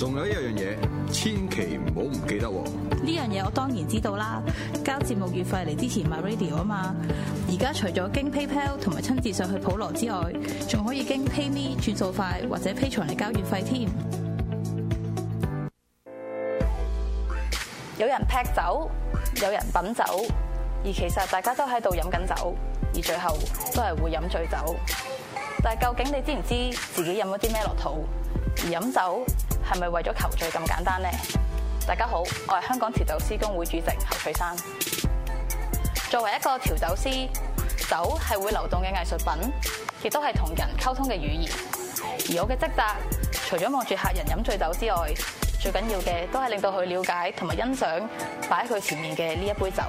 仲有一樣嘢，千祈唔好唔記得喎！呢樣嘢我當然知道啦。交節目月費嚟支持 MyRadio 啊嘛。而家除咗經 PayPal 同埋親自上去普羅之外，仲可以經 PayMe 轉數快或者 Patreon 嚟交月費添。有人劈酒，有人品酒，而其實大家都喺度飲緊酒，而最後都係會飲醉酒。但係究竟你知唔知自己飲咗啲咩落肚？而飲酒，係咪為咗求醉咁簡單呢？大家好，我係香港調酒師工會主席侯翠山。作為一個調酒師，酒係會流動嘅藝術品，亦都係同人溝通嘅語言。而我嘅職責，除咗望住客人飲醉酒之外，最緊要嘅都係令到佢了解同埋欣賞擺喺佢前面嘅呢一杯酒。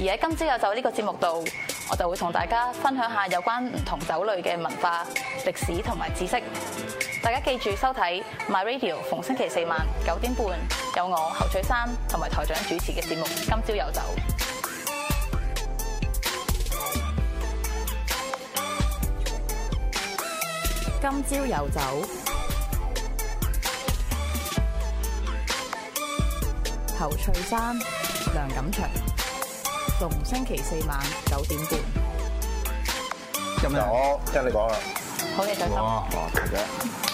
而喺今朝有酒呢個節目度，我就會同大家分享下有關唔同酒類嘅文化、歷史同埋知識。大家記住收睇 My Radio，逢星期四晚九點半有我侯翠珊同埋台長主持嘅節目《今朝有酒》。今朝有酒，侯翠珊、梁錦祥，逢星期四晚九點半。今日我聽你講啦，好嘢再講。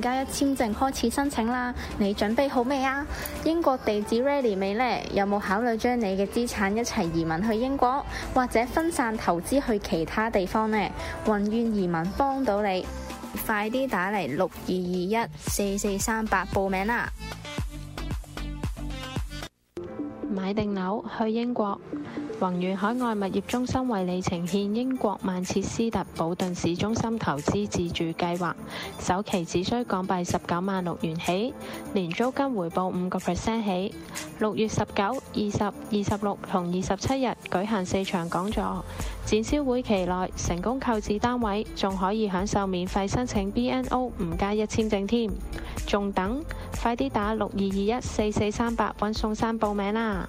加一簽證開始申請啦！你準備好未啊？英國地址 ready 未呢？有冇考慮將你嘅資產一齊移民去英國，或者分散投資去其他地方呢？宏遠移民幫到你，快啲打嚟六二二一四四三八報名啦！買定樓去英國。宏遠海外物業中心為你呈獻英國曼徹斯特保頓市中心投資自住計劃，首期只需港幣十九萬六元起，年租金回報五個 percent 起。六月十九、二十、二十六同二十七日舉行四場講座，展銷會期內成功購置單位，仲可以享受免費申請 BNO 五加一簽證添。仲等？快啲打六二二一四四三八搵宋生報名啦！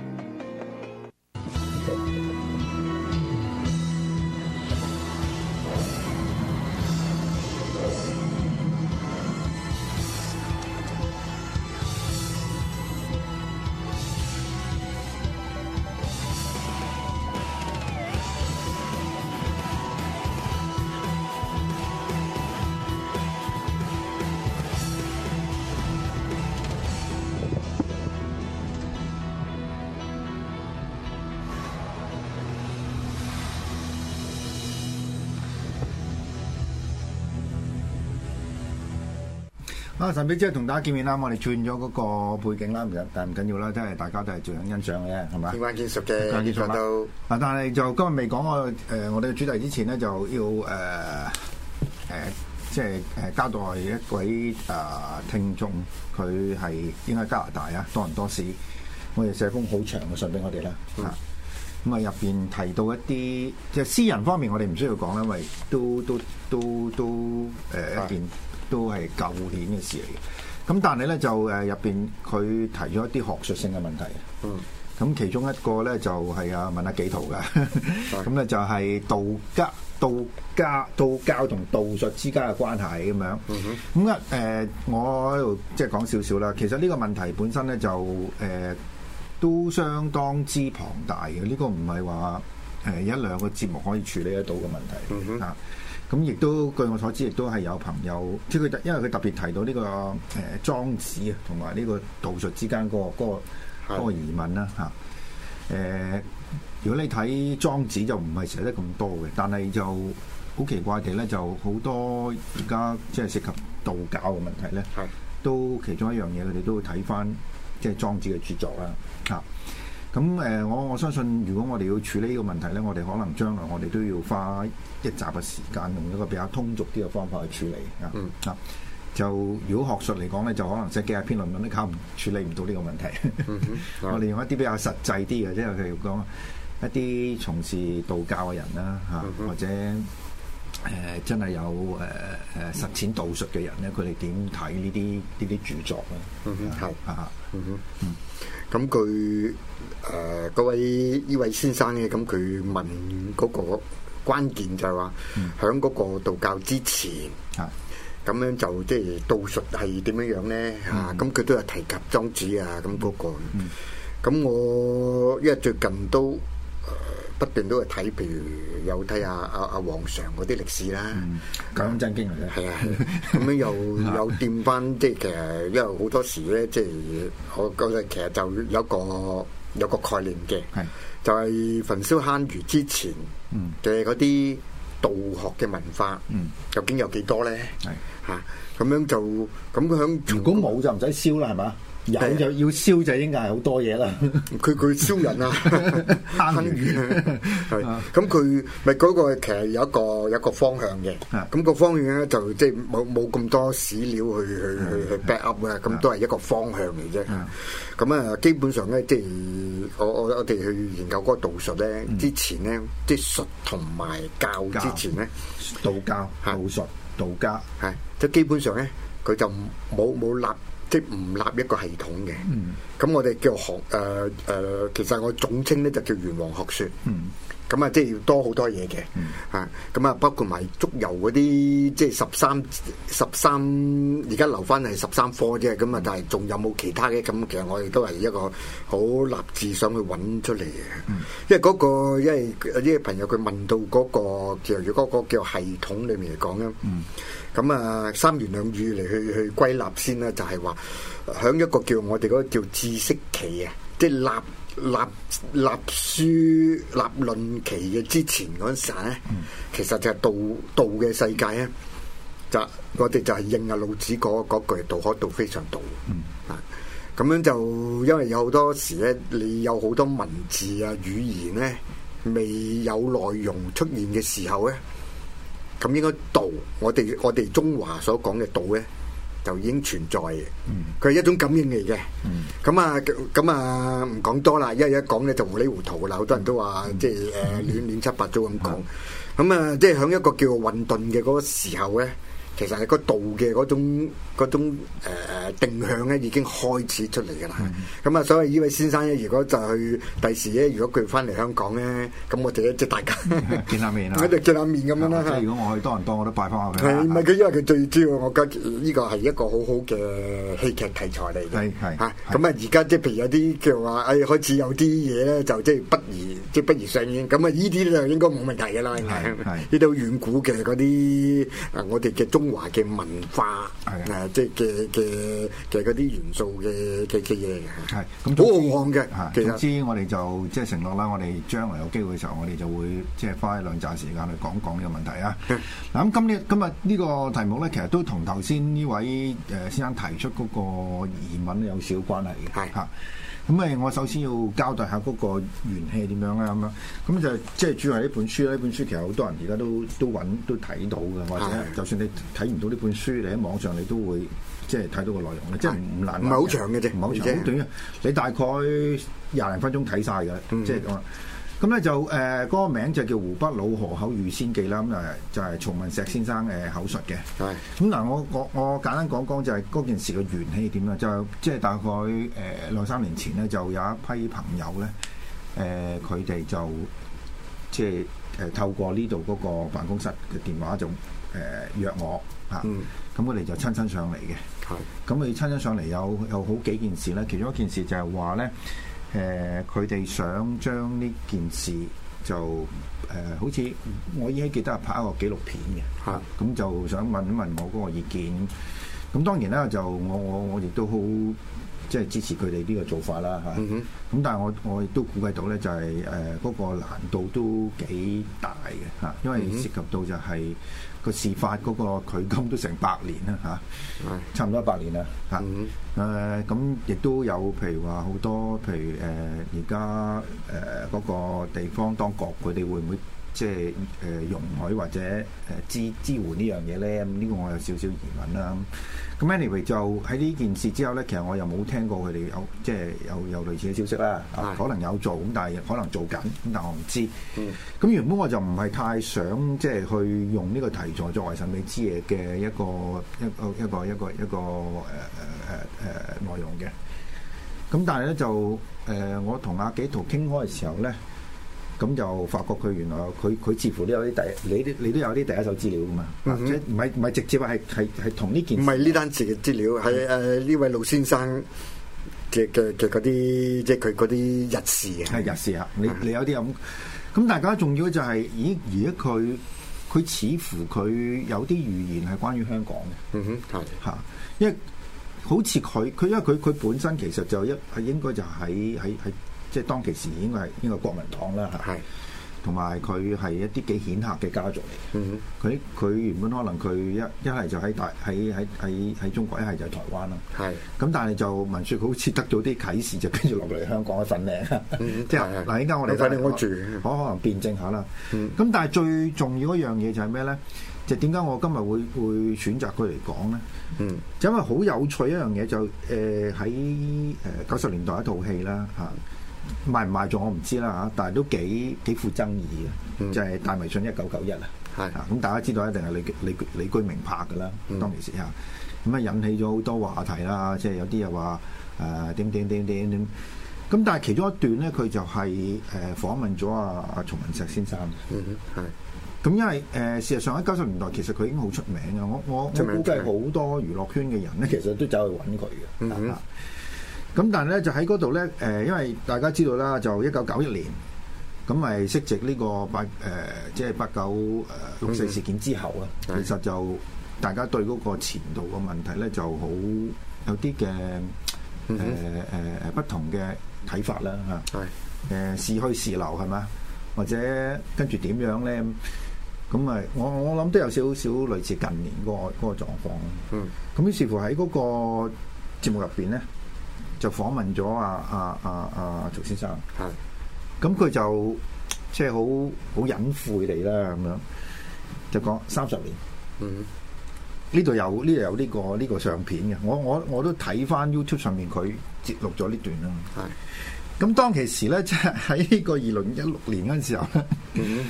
啊！神秘即係同大家見面啦，我哋轉咗嗰個背景啦，唔緊，但唔緊要啦，即係大家都係最肯欣賞嘅，係嘛？見慣見熟嘅，見慣見熟都。啊！但係就今日未講我誒我哋嘅主題之前呢，就要誒誒即係誒交代一位啊聽眾，佢係應該加拿大啊多倫多市，我哋寫封好長嘅信俾我哋啦嚇。咁啊入邊提到一啲即係私人方面，我哋唔需要講啦，因為都都都都誒一件。都係舊年嘅事嚟嘅，咁但係咧就誒入邊佢提咗一啲學術性嘅問題，嗯，咁其中一個咧就係、是、啊問阿紀陶嘅，咁咧、嗯、 就係道家、道家、道教同道、道術之間嘅關係咁樣，咁啊誒，我喺度即係講少少啦。其實呢個問題本身咧就誒、呃、都相當之龐大嘅，呢、這個唔係話誒一兩個節目可以處理得到嘅問題，嗯咁亦都據我所知，亦都係有朋友即佢特，因為佢特別提到呢、呢個誒、呃、莊子啊，同埋呢個道術之間、嗰個嗰、嗰個嗰個疑問啦嚇。誒是、啊，如果你睇莊子就唔係寫得咁多嘅，但係就好奇怪地咧，就好多而家即係涉及道教嘅問題咧，是都其中一樣嘢，佢哋都會睇翻即係莊子嘅著作啦嚇。啊。咁誒、呃，我我相信，如果我哋要處理呢個問題呢，我哋可能將來我哋都要花一集嘅時間，用一個比較通俗啲嘅方法去處理啊。嗯、啊，就如果學術嚟講呢，就可能寫幾十篇論文都搞唔處理唔到呢個問題。嗯嗯、 我哋用一啲比較實際啲嘅，即係譬如講一啲從事道教嘅人啦，嚇、啊嗯、哼或者。誒、呃、真係有誒誒、呃、實踐道術嘅人咧，佢哋點睇呢啲呢啲著作咧？嗯、mm hmm. 啊，咁佢誒嗰位呢位先生咧，咁佢問嗰個關鍵就係話，喺嗰、mm hmm. 個道教之前啊，咁樣就即係道術係點樣樣咧？啊，咁佢都有提及莊子啊，咁嗰、嗰個。咁我因為最近都。呃不斷都係睇，譬如有睇下阿阿王常嗰啲歷史啦，嗯《那講真經》嚟嘅，係啊，咁樣、啊、又有掂翻，即係其實因為好多時咧，即係我覺得其實就有個有個概念嘅，啊、就係焚燒坑儒之前嘅嗰啲道學嘅文化，嗯、究竟有幾多咧？嚇咁、啊、樣就咁佢響，如果冇就唔使燒啦，係嘛？有就要燒就應該係好多嘢啦。佢佢燒人啊，烹魚係。咁佢咪嗰個其實有一個一個方向嘅。咁個方向咧就即係冇冇咁多史料去去去去 back up 啊。咁都係一個方向嚟啫。咁啊，基本上咧，即係我我我哋去研究嗰個道術咧，之前咧，即術同埋教之前咧，道教、道術、道家係。即基本上咧，佢就冇冇立。即係唔立一個系統嘅，嗯，咁我哋叫學誒誒、呃呃，其實我總稱咧就叫玄黃學說。嗯。咁啊，即係要多好多嘢嘅，啊、嗯，咁啊，包括埋足油嗰啲，即係十三十三，而家留翻係十三科啫，咁啊，但係仲有冇其他嘅？咁其實我哋都係一個好立志想去揾出嚟嘅、嗯嗰個，因為嗰個因為啲朋友佢問到嗰、嗰個，正如嗰個叫系統裏面嚟講咧，咁、嗯、啊三言兩語嚟去去歸納先啦、啊，就係話響一個叫我哋嗰個叫知識期啊，即係立。立立書立論期嘅之前嗰陣時咧，嗯、其實就係道道嘅世界啊，就我哋就係應啊老子嗰句道可道非常道、嗯、啊，咁樣就因為有好多時咧，你有好多文字啊語言咧未有內容出現嘅時候咧，咁應該道我哋我哋中華所講嘅道咧。就已經存在嘅，佢係一種感應嚟嘅。咁、嗯、啊，咁啊，唔講多啦。一一講咧，就糊裏糊塗啦。好多人都話，嗯、即係誒亂亂七八糟咁講。咁、嗯、啊，即係喺一個叫做混沌嘅嗰個時候咧。其實係個度嘅嗰種種誒誒定向咧，已經開始出嚟噶啦。咁啊，所以呢位先生咧，如果就去第時咧，如果佢翻嚟香港咧，咁我哋一即大家見下面啊，我哋見下面咁樣啦。如果我去多倫多，我都拜翻下佢。係唔係佢因為佢最主要。我覺得呢個係一個好好嘅戲劇題材嚟嘅。咁啊而家即係譬如有啲叫話，誒開始有啲嘢咧，就即係不宜即係不宜上演。咁啊呢啲咧應該冇問題噶啦，呢度遠古嘅嗰啲我哋嘅中。華嘅文化，誒的、啊、即係嘅嘅嘅啲元素嘅嘅嘅嘢嘅，係咁好浩瀚嘅。總之，我哋就即係承諾啦，我哋將來有機會嘅時候，我哋就會即係花一兩陣時間去講講呢個問題啊。嗱的，咁今日今日呢個題目咧，其實都同頭先呢位誒先生提出嗰個疑問有少少關係嘅，的的咁誒，我首先要交代下嗰個元氣點樣啦，咁樣，咁就即係主要係呢本書啦。呢本書其實好多人而家都都揾都睇到嘅，或者就算你睇唔到呢本書，你喺網上你都會即係睇到個內容咧，即係唔難。唔係好長嘅啫，唔係好長，好短、就係。你大概廿零分鐘睇晒嘅，即係咁啊。咁咧就誒嗰、呃那個名就叫湖北老河口遇仙記啦，咁就就係曹文錫先生誒口述嘅。係的。咁嗱，我我我簡單講講就係嗰件事嘅緣起點啦，就即係、就是、大概誒兩三年前呢，就有一批朋友咧，誒佢哋就即係誒透過呢度嗰個辦公室嘅電話仲誒、呃、約我嚇。咁佢哋就親身上的親身上嚟嘅。係。咁佢親身上嚟有有好幾件事咧，其中一件事就係話咧。誒，佢哋想將呢件事就誒、呃，好似我依家記得係拍一個紀錄片嘅，咁是的 就想問一問我嗰個意見。咁當然啦，就我我我亦都好即係支持佢哋呢個做法啦。咁但係我我亦都估計到咧、就是，就係誒嗰個難度都幾大嘅嚇，因為涉及到就係、是。是的 個事發嗰個佢今都成百年啦吓，差唔多一百年啦吓，誒，咁亦、嗯啊、都有，譬如話好多，譬如誒而家誒嗰個地方當局佢哋會唔會？即係誒容許或者誒支支援呢樣嘢咧，呢、這個我有少少疑問啦。咁 anyway 就喺呢件事之後咧，其實我又冇聽過佢哋有即係有有類似嘅消息啦。的可能有做咁，但係可能做緊咁，但係我唔知。咁、嗯、原本我就唔係太想即係、就是、去用呢個題材作為神秘之夜嘅一個一一個一個一個誒誒誒內容嘅。咁但係咧就誒、uh, 我同阿紀陶傾開嘅時候咧。嗯咁就發覺佢原來佢佢似乎都有啲第一你啲你都有啲第一手資料噶嘛？唔唔咪直接話係係係同呢件唔係呢單事嘅資料係誒呢位老先生嘅嘅嘅嗰啲即係佢嗰啲日事啊！日事啊！你、嗯、你有啲咁咁，大家重要就係咦？而家佢佢似乎佢有啲預言係關於香港嘅。嗯、哼，係嚇因為好似佢佢因為佢佢本身其實就一係應該就喺喺喺。即係當其時應該係呢個國民黨啦嚇，同埋佢係一啲幾顯赫嘅家族嚟嘅。佢佢、嗯、哼原本可能佢一一係就喺大喺喺喺喺中國，一係就喺台灣啦。係咁是，但係就文說佢好似得到啲啟示，就跟住落嚟香港嘅身名。的即係嗱，依家的我哋反我住，我可能辯證下啦。咁、嗯嗯、但係最重要一樣嘢就係咩咧？就點、是、解我今日會會選擇佢嚟講咧？就是、因為好有趣一樣嘢就誒喺誒九十年代一套戲啦嚇。賣唔賣座我唔知啦嚇，但係都幾幾富爭議嘅，嗯、就係大迷信一九九一啦。係啊，咁大家知道一定係李李李居明拍噶啦，嗯、當其時啊，咁啊引起咗好多話題啦，即係有啲又話誒點點點點咁。咁但係其中一段咧，佢就係誒訪問咗阿阿曹文錫先生。係、嗯。咁因為誒、呃、事實上喺九十年代，其實佢已經好出名嘅。我我，我估計好多娛樂圈嘅人咧，其實都走去搵佢嘅。嗯咁但係咧就喺嗰度咧，誒、呃，因為大家知道啦，就一九九一年，咁咪息殖呢個八誒、呃，即係八九誒六四事件之後咧，mm hmm. 其實就大家對嗰個前途嘅問題咧，就好有啲嘅誒誒誒不同嘅睇法啦，吓、mm，誒、hmm. 呃、是去是留係嘛，或者跟住點樣咧？咁啊，我我諗都有少少類似近年嗰、嗰個嗰、嗰個狀況。嗯、mm，咁、hmm. 於是乎喺嗰個節目入邊咧。就訪問咗啊啊啊啊曹先生，係的，咁佢就即係好好隱晦哋啦，咁、就是、樣就講三十年，嗯，呢度有呢度有呢、這個呢、這個相片嘅。我我我都睇翻 YouTube 上面佢接錄咗的呢段啦，係，咁當其時咧，即係喺呢個二零一六年嗰陣時候咧、嗯 呃，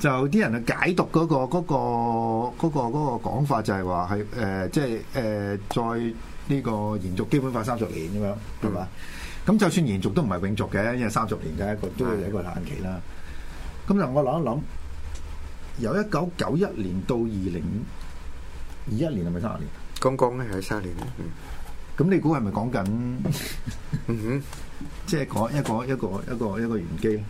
就啲人去解讀嗰個嗰個嗰講法，就係話係誒即係誒再。呃呢個延續基本法三十年咁樣，係嘛是的？咁就算延續都唔係永續嘅，因為三十年嘅一個都係一個限期啦。咁是的 就我諗一諗，由一九九一年到二零二一年係咪三十年？剛剛咧係三十年咁、嗯、你估係咪講緊？嗯哼。即係講一個一個一個一個玄機，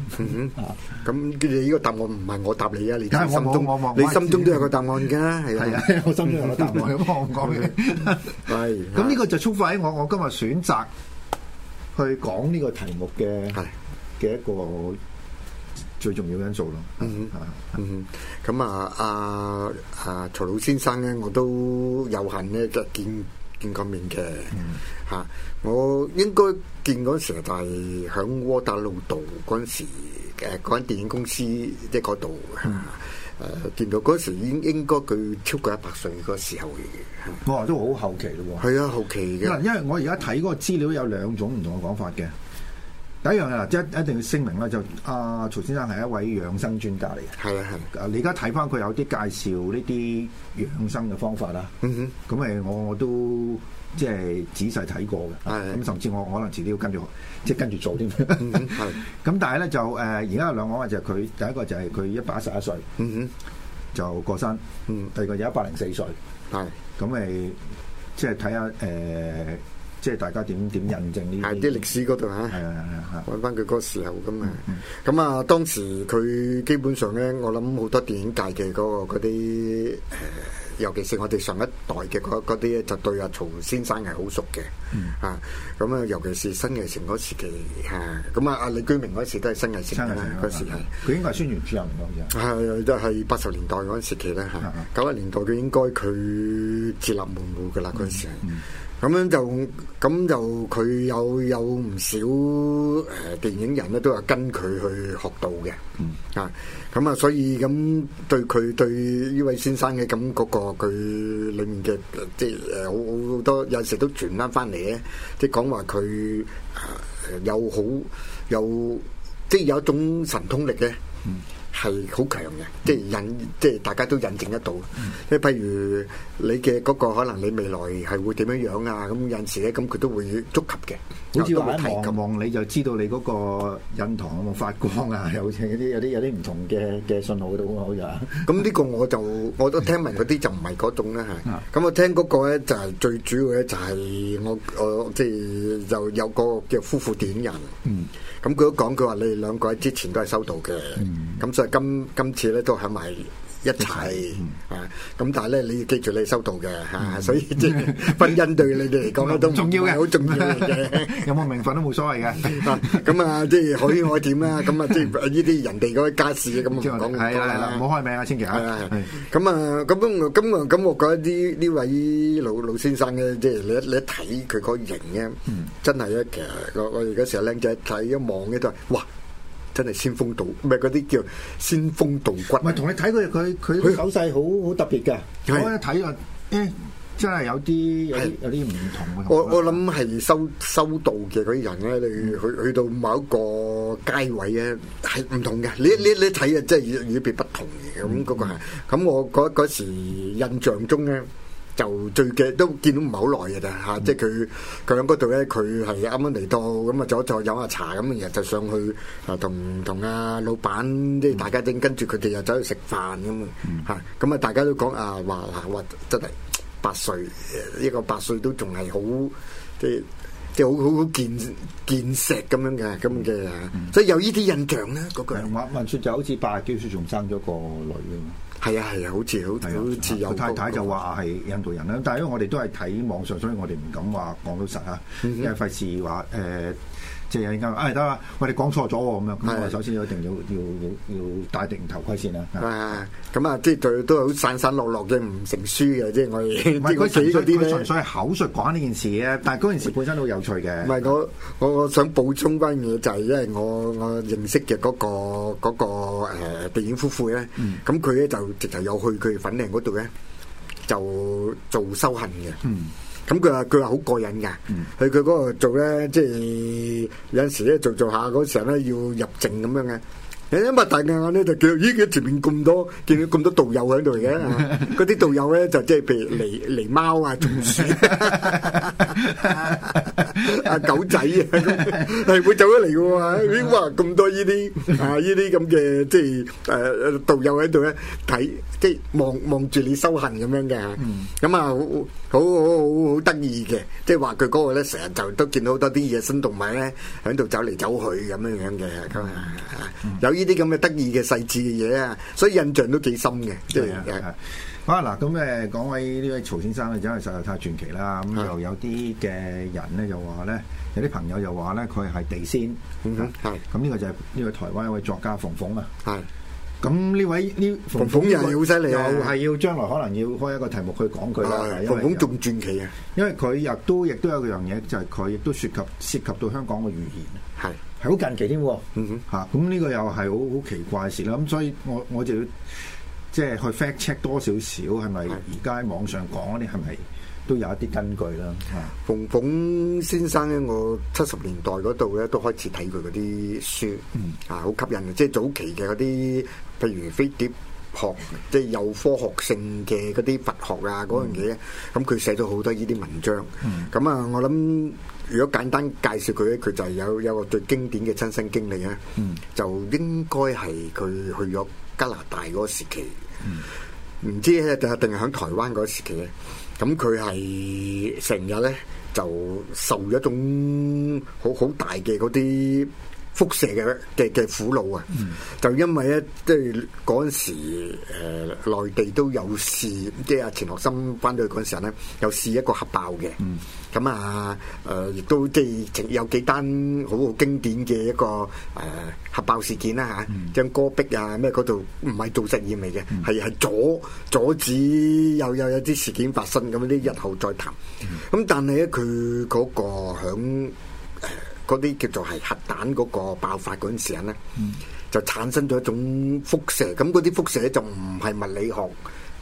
咁跟住呢個答案，唔係我答你啊，你心中你心中都有個答案噶，係啊，我心中有個答案，我講嘅係。咁呢個就觸發喺我，我今日選擇去講呢個題目嘅，係嘅一個最重要因素咯。嗯哼，嗯哼，咁啊，阿阿曹老先生咧，我都有幸咧，就見。見過面嘅，嚇、嗯啊！我應該見嗰陣時就係響窩打老道嗰陣時，誒嗰間電影公司即係嗰度誒見到。嗰陣時已經應應該佢超過一百歲嗰時候嚟嘅，哦，都好後期咯喎。係啊，後期嘅。嗱，因為我而家睇嗰個資料有兩種唔同嘅講法嘅。第一樣嘅即係一定要聲明啦，就阿、啊、曹先生係一位養生專家嚟嘅。係啊，係。你而家睇翻佢有啲介紹呢啲養生嘅方法啦。嗯哼。咁誒，我我都即係仔細睇過嘅。咁的甚至我，我可能遲啲要跟住，即係跟住做添。係、嗯哼。咁 但係咧就誒，而、呃、家有兩個話就佢第一個就係佢一百一十一歲。嗯哼。就過身。嗯。第二個就一百零四歲。係、嗯。咁誒的，即係睇下誒。呃呃即係大家點點印證呢啲？喺啲歷史嗰度嚇，揾翻佢嗰時候咁啊！咁啊，當時佢基本上咧，我諗好多電影界嘅嗰啲誒，尤其是我哋上一代嘅嗰啲就對阿曹先生係好熟嘅嚇。咁啊、啊，尤其是新藝城嗰時期嚇，咁啊，阿、啊、李居明嗰時都係新藝城啦，嗰時係。佢、啊、應該係宣傳主任咁樣。係就係八十年代嗰時期咧嚇，九、啊、十、啊、年代佢應該佢自立門戶噶啦，嗰時。嗯嗯嗯咁樣就咁就佢有有唔少誒電影人咧，都有跟佢去學到嘅。嗯啊，咁啊，所以咁對佢對呢位先生嘅感覺嗰個佢裏面嘅即係誒，好好多有陣時都傳翻翻嚟，咧，即係講話佢有好有即係有一種神通力嘅。嗯。係好強嘅，即係引，即係大家都引證得到。即係譬如你嘅嗰個可能你未來係會點樣樣啊？咁有陣時咧，咁佢都會觸及嘅。好似話望望你就知道你嗰個印堂有冇發光啊？有啲有啲有啲唔同嘅嘅信號都好噶。咁呢個我就我都聽聞嗰啲就唔係嗰種啦，係。咁我聽嗰個咧就係最主要咧就係我我即係就有個叫夫婦典人。咁佢都講，佢話你哋兩個喺之前都係收到嘅，咁、嗯、所以今今次咧都喺埋。一齊啊！咁但係咧，你要記住你收徒嘅嚇，所以即係婚姻對你哋嚟講咧都重要嘅，好重要嘅。有冇名份都冇所謂嘅。咁啊，即係可以可以點啦？咁啊，即係呢啲人哋嗰啲家事咁講。係啦係啦，唔好開名啊，千祈啊。咁啊，咁樣咁啊，咁我覺得呢呢位老老先生咧，即係你一你一睇佢個型咧，真係咧，其實我我而家成日靚仔睇一望嘅都係哇。真係仙風道，唔係嗰啲叫仙風道骨，唔係同你睇佢佢佢手勢好好特別嘅，我一睇啊，誒，真係有啲有啲有啲唔同我我諗係修修道嘅嗰啲人咧，你去去到某一個階位咧，係唔、嗯、同嘅。你、嗯、你你睇啊，真係與與別不同嘅咁嗰個係。咁我嗰時印象中咧。就最近都見到唔係好耐嘅咋嚇，即係佢佢喺嗰度咧，佢係啱啱嚟到咁啊，坐坐飲下茶咁，然後就上去啊同同啊老闆即係大家丁跟住佢哋又走去食飯咁啊嚇，咁、嗯、啊、嗯嗯嗯、大家都講啊話嗱話真係八歲一個八歲都仲係好即係即係好好健健碩咁樣嘅咁嘅，所以有呢啲印象咧嗰句話，文叔就好似八十幾歲仲生咗個女咁。係啊係啊，好似、啊、好似有、嗰個、太太就話係印度人啦，但係因為我哋都係睇網上，所以我哋唔敢話講到實啊，因為費事話誒。呃即係依家，哎得啦，我哋講錯咗喎咁樣，咁是我首先一定要要要要戴定頭盔先啦。咁啊，即係佢都好散散落落嘅，唔成書嘅，即係我。唔係佢純粹啲咧，純粹係口述講呢件事嘅，但係嗰件事本身好有趣嘅。唔係我我我想補充翻嘅就係，因為我我認識嘅嗰個嗰個，呃，電影夫婦咧，咁佢咧就直頭有去佢粉嶺嗰度咧，就做修行嘅。嗯。咁佢話，佢話好過癮㗎，嗯、去佢嗰度做咧，即係有陣時咧做做下嗰時候咧要入靜咁樣嘅。你一擘大嘅眼咧，就叫咦！佢前面咁多，見到咁多道友喺度嘅，嗰啲道友咧就即係譬如狸狸貓啊、松鼠啊、啊狗仔啊，係會走咗嚟嘅。哇！咁多呢啲啊，呢啲咁嘅即係誒道友喺度咧，睇即係望望住你修行咁樣嘅。咁啊，好好好好得意嘅，即係話佢嗰個咧，成日就都見到好多啲野生動物咧，喺度走嚟走去咁樣樣嘅咁啊有。呢啲咁嘅得意嘅細緻嘅嘢啊，所以印象都幾深嘅。係啊，啊嗱，咁誒講起呢位曹先生咧，因為實在太傳奇啦。咁的又有啲嘅人咧，就話咧，有啲朋友又話咧，佢係地仙。係、嗯，咁呢個就係呢個台灣一位作家馮馮啊。係。咁呢位呢馮馮又係好犀利又係要將、啊、來可能要開一個題目去講佢啦。馮馮仲傳奇啊！因為佢亦都亦都有樣嘢，就係佢亦都涉及涉及到香港嘅預言。係係好近期添喎。咁呢個又係好好奇怪事啦。咁所以我我就要即係去 fact check 多少少，係咪而家喺網上講嗰啲係咪都有一啲根據啦？馮馮先生咧，我七十年代嗰度咧都開始睇佢嗰啲書，嗯嚇，好吸引嘅，即係早期嘅嗰啲。譬如飛碟學，即係有科學性嘅嗰啲佛學啊，嗰樣嘢咧，咁佢寫咗好多呢啲文章。咁啊、嗯，我諗如果簡單介紹佢咧，佢就係有有個最經典嘅親身經歷咧，嗯、就應該係佢去咗加拿大嗰個時期。唔、嗯、知咧，定係定係喺台灣嗰個時期咧？咁佢係成日咧就受一種好好大嘅嗰啲輻射嘅嘅嘅苦惱啊，嗯、就因為咧，即係嗰陣時，誒、呃、內地都有事，即係阿錢學森翻到去嗰陣時候咧，有、啊、試一個核爆嘅。咁、嗯嗯、啊，誒亦都即係、呃、有幾單好好經典嘅一個誒、啊、核爆事件啦、啊、嚇，將戈、嗯、壁啊咩嗰度唔係做實驗嚟嘅，係係阻阻止，阻止又又有啲事件發生咁啲，日後再談。咁但係咧，佢嗰個響嗰啲叫做係核彈嗰個爆發嗰陣時咧，嗯、就產生咗一種輻射。咁嗰啲輻射就唔係物理學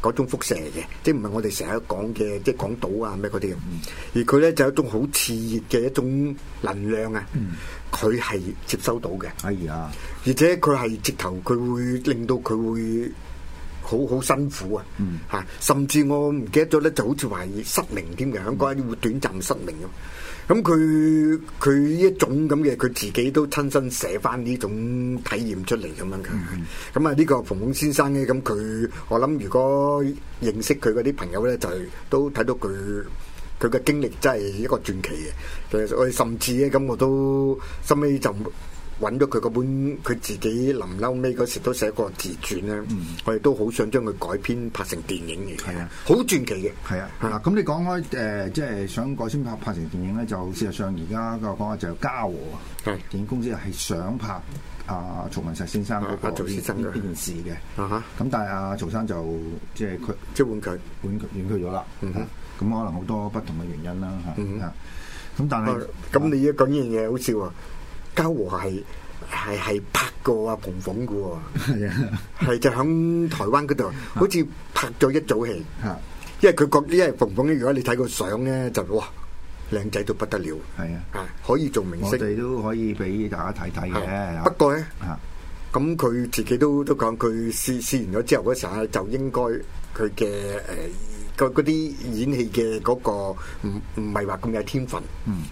嗰種輻射嘅，即係唔係我哋成日講嘅，即係港島啊咩嗰啲。嗯、而佢咧就有一種好熾熱嘅一種能量啊，佢係、嗯、接收到嘅。哎呀！而且佢係直頭，佢會令到佢會好好辛苦啊。嚇、嗯啊！甚至我唔記得咗咧，就好似話失明添嘅，喺嗰一會短暫失明咁。嗯嗯咁佢佢呢種咁嘅佢自己都親身寫翻呢種體驗出嚟咁樣嘅，咁啊呢個馮馮先生咧，咁佢我諗如果認識佢嗰啲朋友咧，就係都睇到佢佢嘅經歷真係一個傳奇嘅，其實我甚至咧咁我都收尾就。揾咗佢嗰本，佢自己臨嬲尾嗰時都寫過自傳咧。我哋都好想將佢改編拍成電影嘅，好傳奇嘅。係啊，嗱，咁你講開誒，即係想改編拍拍成電影咧，就事實上而家個講法就係嘉禾電影公司係想拍阿曹文錫先生嗰個先生嘅呢件事嘅。咁但係阿曹生就即係佢即係婉拒婉婉拒咗啦。咁可能好多不同嘅原因啦。嚇，咁但係咁你而家講呢樣嘢好笑啊！嘉禾係係係拍過阿彭鳳嘅，係就響台灣嗰度，好似拍咗一組戲，因為佢覺得，因為彭鳳如果你睇個相咧，就哇靚仔到不得了，係啊，可以做明星，我哋都可以俾大家睇睇嘅。不過咧，咁佢自己都都講，佢試試完咗之後嗰時候啊，就應該佢嘅誒。個嗰啲演戲嘅嗰個唔唔係話咁有天分，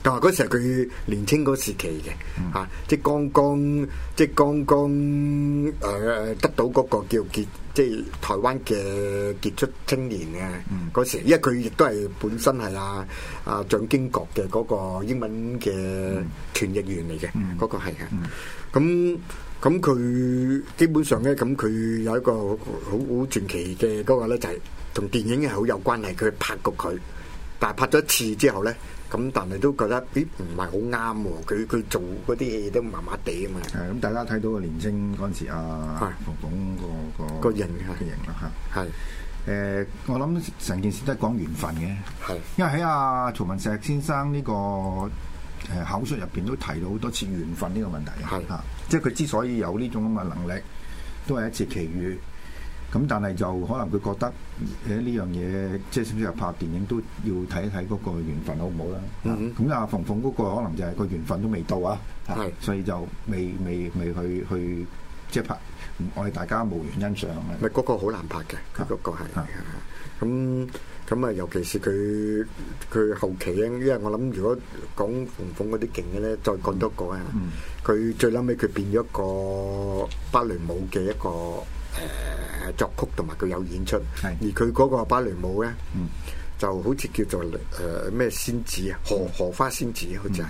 但係嗰時係佢年青嗰時期嘅，嚇即係剛剛即係剛剛誒得到嗰個叫傑，即係台灣嘅傑出青年嘅嗰時，因為佢亦都係本身係啦，阿蔣經國嘅嗰個英文嘅傳譯員嚟嘅，嗰個係嘅。咁咁佢基本上咧，咁佢有一個好好傳奇嘅嗰個咧就係，同電影係好有關係，佢拍過佢，但係拍咗一次之後咧，咁但係都覺得，咦唔係好啱喎，佢佢做嗰啲嘢都麻麻地啊嘛。係咁，大家睇到個年青嗰陣時，阿馮鞏個個個人嘅形象，係誒，我諗成件事都係講緣分嘅，係因為喺阿曹文錫先生呢個誒口述入邊都提到好多次緣分呢個問題，係啊，即係佢之所以有呢種咁嘅能力，都係一次奇遇。咁但係就可能佢覺得誒呢樣嘢，即係甚至係拍電影都要睇一睇嗰個緣分好好，好唔好啦？咁阿、嗯啊、馮馮嗰個可能就係個緣分都未到是啊，所以就未未未去去即係拍，我哋大家無緣欣賞。咪嗰個好難拍嘅，嗰個係。咁咁啊，啊，尤其是佢佢後期咧，因為我諗如果講馮馮嗰啲勁嘅咧，再講多個啊，佢最撚尾佢變咗個芭蕾舞嘅一個。嗯嗯誒、呃，作曲同埋佢有演出，是而佢嗰個芭蕾舞咧，嗯、就好似叫做誒咩、呃、仙子啊，荷荷花仙子好似係，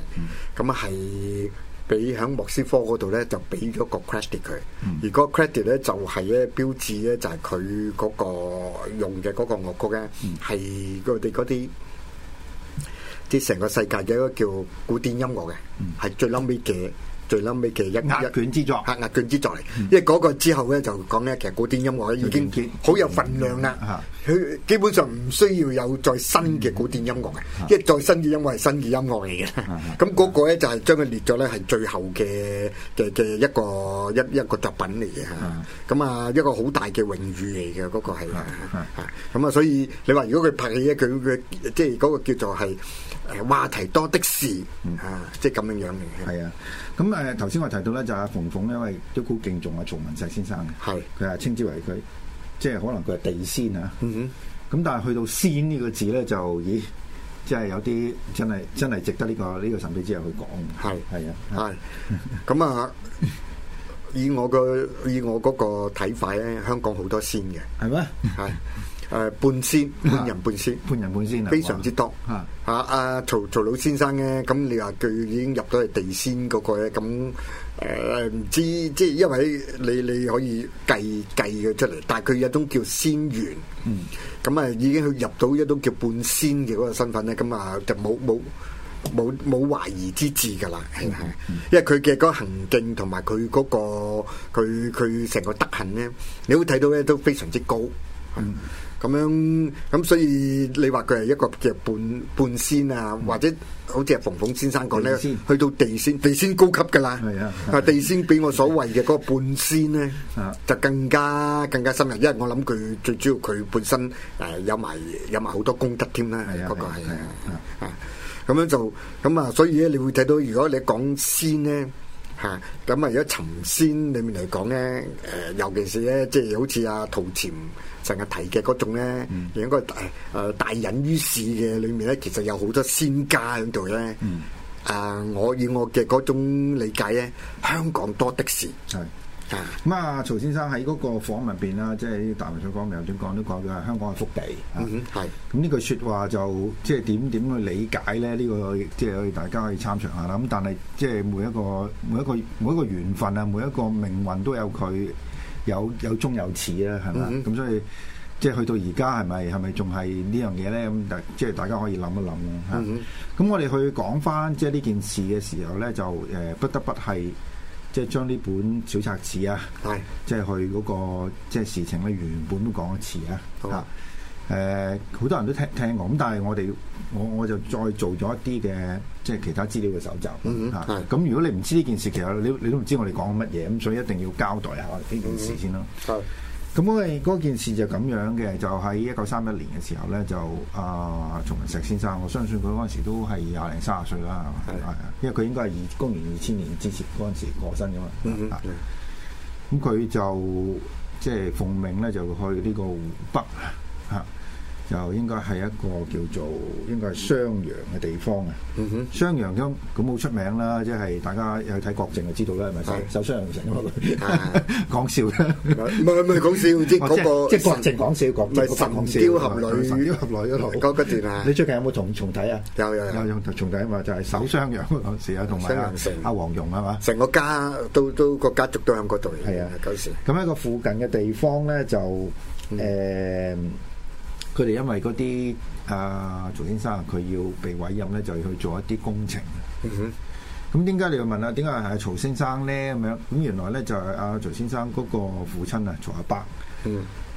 咁係俾響莫斯科嗰度咧，就俾咗個 credit 佢。嗯、而嗰個 credit 咧就係咧標誌咧，就係佢嗰個用嘅嗰個樂曲咧，係佢哋嗰啲，啲成個世界嘅一個叫古典音樂嘅，係、嗯、最拉尾嘅。嗯最撚尾嘅壓卷之作，嚇壓卷之作嚟，因為個之後咧就講咧，其實古典音樂已經好有份量啦。佢、嗯、哨 基本上唔需要有再新嘅古典音樂，嘅，因為再新嘅音樂係新嘅音樂嚟嘅。咁個咧就係將佢列咗咧係最後嘅嘅嘅一個一、這個、一個作品嚟嘅。咁啊一個好大嘅榮譽嚟嘅個係，係啊。咁啊，所以你話如果佢拍戲咧，佢佢即係個叫做係話題多的事啊，即係咁樣樣嚟嘅。係啊，咁啊。誒頭先我提到咧就阿馮馮咧，因為都好敬重阿曹文錫先生嘅，係佢係稱之為佢，即係可能佢係地仙啊，嗯哼、嗯，咁但係去到仙呢個字咧就，咦，即係有啲真係真係值得呢、這個呢、這個神秘之夜去講嘅，係是啊，係，咁啊 以我，以我個以我嗰睇法咧，香港好多仙嘅，係咩 嗎？係。 誒半仙，半人半仙，半人半仙啊！非常之多嚇。阿曹曹老先生咧，咁你話佢已經入到去地仙嗰個咧，咁誒唔知即係因為你你可以計計佢出嚟，但係佢有種叫仙緣，咁啊已經去入到一種叫半仙嘅嗰個身份咧，咁啊就冇冇冇冇懷疑之志㗎啦，係唔係？因為佢嘅嗰個行徑同埋佢嗰個佢佢成個德行咧，你好睇到咧都非常之高，咁樣咁，所以你話佢係一個只半半仙啊，或者好似馮馮先生講呢，去到地仙，地仙高級噶啦。係啊，地仙比我所謂嘅嗰個半仙呢，就更加更加深入，因為我諗佢最主要佢本身誒有埋有埋好多功德添啦。係啊，係啊，啊，咁樣就咁啊，所以咧你會睇到，如果你講仙呢。嚇！咁啊、嗯，如果尋仙裏面嚟講咧，誒尤其是咧，即係好似阿陶潛成日提嘅嗰種咧，應該誒大隱於市嘅裏面咧，其實有好多仙家喺度咧。啊，我以我嘅嗰種理解咧，香港多的是。是。咁啊，嗯、曹先生喺嗰個訪問入邊啦，即係啲大盤訪問又點講？都講咗係香港嘅福地。嗯、係。咁呢句説話就即係點點去理解咧？呢、呢個即係可以大家可以參詳下啦。咁但係即係每一個每一個每一個緣分啊，每一個命運都有佢有有終有始啦，係咪？咁、嗯、所以即係、即係、去到而家係咪係咪仲係呢樣嘢咧？咁即係大家可以諗一諗咁、嗯嗯、我哋去講返即係呢件事嘅時候咧，就誒不得不係。即係將呢本小冊子啊，是即係去嗰，那個即係事情咧，原本都講一次啊，嚇誒好的、呃、多人都聽聽過，咁但係我哋我我就再做咗一啲嘅即係其他資料嘅蒐集，咁、嗯嗯啊、如果你唔知呢件事，其實你你都唔知我哋講緊乜嘢，咁所以一定要交代下呢件事先咯，啊，嗯嗯嗯咁我哋嗰件事就咁樣嘅，就喺一九三一年嘅時候咧，就阿曹文錫先生，我相信佢嗰陣時都係廿零卅歲啦，係啊，因為佢應該係二公元二千年之前嗰陣時過身噶嘛，咁佢就即係、就是、奉命咧就去呢個湖北，吓。就應該係一個叫做應該係襄陽嘅地方嘅。襄陽咁，咁好出名啦，即係大家有睇郭靖就知道啦，係咪先？守襄陽城啊！講笑，唔係唔係講笑，即係嗰個即係郭靖講笑，郭靖。唔係神鵰俠侶，俠侶嗰度嗰一段啊！你最近有冇重重睇啊？有有有重睇啊嘛，就係守襄陽嗰時啊，同埋阿阿黃蓉啊嘛，成個家都都個家族都響嗰度嚟。係啊，嗰時。咁一個附近嘅地方咧，就誒。佢哋因為嗰啲啊曹先生佢要被委任咧，就要去做一啲工程。咁點解你要問啊？點解係曹先生咧？咁樣咁原來咧就係阿曹先生嗰個父親啊，曹阿伯。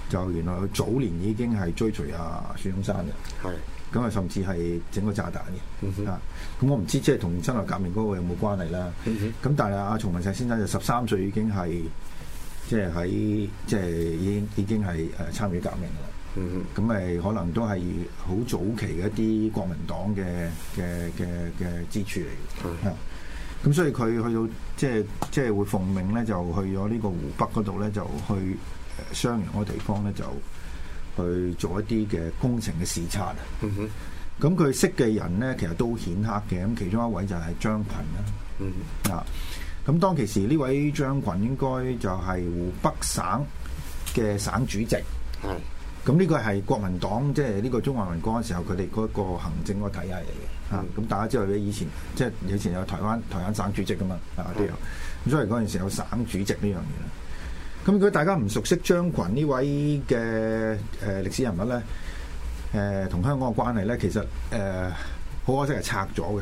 就原來早年已經係追隨阿孫中山嘅。係。咁啊，甚至係整個炸彈嘅。啊，咁我唔知即係同辛亥革命嗰個有冇關係啦。咁但係阿曹文錫先生就十三歲已經係，即係喺即係已已經係誒參與革命啦。咁咪、嗯嗯、可能都係好早期嘅一啲國民黨嘅嘅嘅嘅支柱嚟嘅。啊、嗯，咁、嗯嗯、所以佢去到即係即係會奉命咧，就去咗呢個湖北嗰度咧，就去襄陽嗰個地方咧，就去做一啲嘅工程嘅視察。咁佢識嘅人咧，其實都顯赫嘅，咁其中一位就係張群啦。嗯啊、咁、嗯嗯、當其時呢位張群應該就係湖北省嘅省主席。係、嗯。咁呢個係國民黨即係呢個中華民國嘅時候，佢哋嗰個行政個體系嚟嘅。嗯、啊，咁大家知道，以前即係以前有台灣台灣省主席㗎嘛，都、啊、有。咁所以嗰陣時有省主席呢樣嘢啦。咁如果大家唔熟悉張群呢位嘅誒、呃、歷史人物咧，誒、呃、同香港嘅關係咧，其實誒好、呃、可惜係拆咗嘅。誒、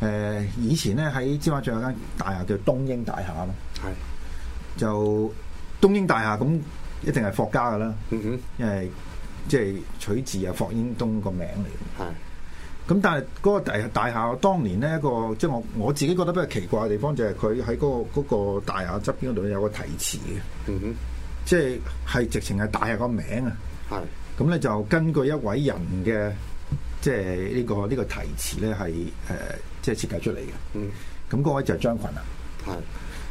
呃、以前咧喺尖沙咀有間大廈叫東英大廈咯，係的就東英大廈咁。嗯一定係霍家嘅啦，因為即係取自啊霍英東個名嚟。係的，咁但係嗰個大大廈當年呢一個即係、就是、我我自己覺得比較奇怪嘅地方就係佢喺嗰個、那個大廈側邊嗰度有個題詞嘅。哼、mm，即係係直情係大廈個名啊。係的，咁咧就根據一位人嘅即係呢個呢、這個題詞咧係誒即係設計出嚟嘅。咁嗰位就係張群啦。係。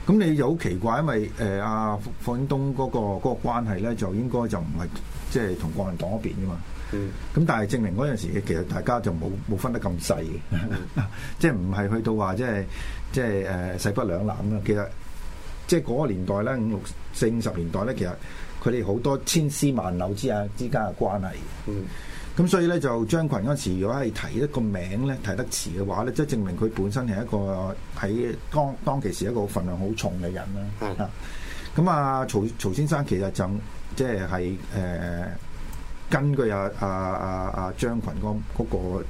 咁你就好奇怪，因為誒阿、呃、霍，霍英東嗰、那個嗰、那個關係咧，就應該就唔係即係同國民黨一邊噶嘛。咁、嗯、但係證明嗰陣時，其實大家就冇冇分得咁細、嗯 即，即係唔係去到話即係即係誒勢不兩立啦。其實即係嗰個年代咧，五六四五十年代咧，其實佢哋好多千絲萬縷之下之間嘅關係。嗯咁所以咧就張群嗰時，如果係提一個名咧，提得遲嘅話咧，即係證明佢本身係一個喺當當其時一個份量好重嘅人啦。咁係啊，曹曹先生其實就即係係誒根據阿阿阿阿張群嗰嗰個誒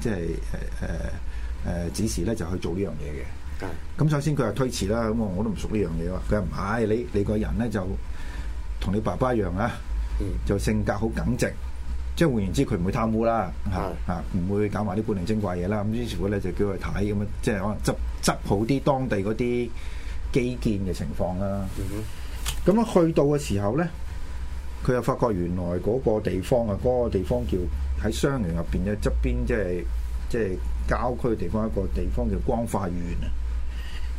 即係誒誒誒指示咧，就去做呢樣嘢嘅。咁係、啊、首先佢又推辭啦，咁我我都唔熟呢樣嘢喎。佢又唔係，你你，你個人咧就同你爸爸一樣啊，就性格好耿直。嗯即係換言之，佢唔會貪污啦，嚇嚇唔會搞埋啲古靈精怪嘢啦。咁於是乎咧，就叫佢睇咁樣，即係可能執執好啲當地嗰啲基建嘅情況啦。咁樣的去到嘅時候咧，佢又發覺原來嗰個地方啊，嗰、嗰個地方叫喺商園入邊嘅側邊，即係即係郊區地方一個地方叫光化院啊。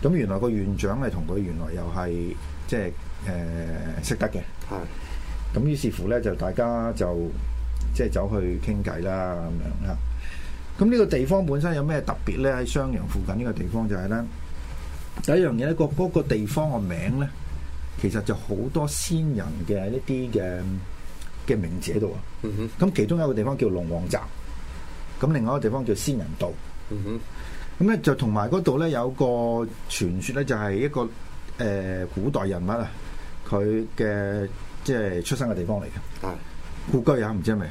咁原來個院長係同佢原來又係即係誒識得嘅。係咁的於是乎咧，就大家就。即係走去傾偈啦咁樣啦。咁呢個地方本身有咩特別咧？喺襄陽附近呢個地方就係咧第一樣嘢咧，個、那、嗰個地方嘅名咧，其實就好多仙人嘅一啲嘅嘅名字喺度啊。咁、嗯、哼其中有一個地方叫龍王站，咁另外一個地方叫仙人道。咁咧、嗯、哼就同埋嗰度咧有個傳說咧，就係一個誒、呃、古代人物啊，佢嘅即係出生嘅地方嚟嘅。係、嗯哼。故居啊，唔知係咪？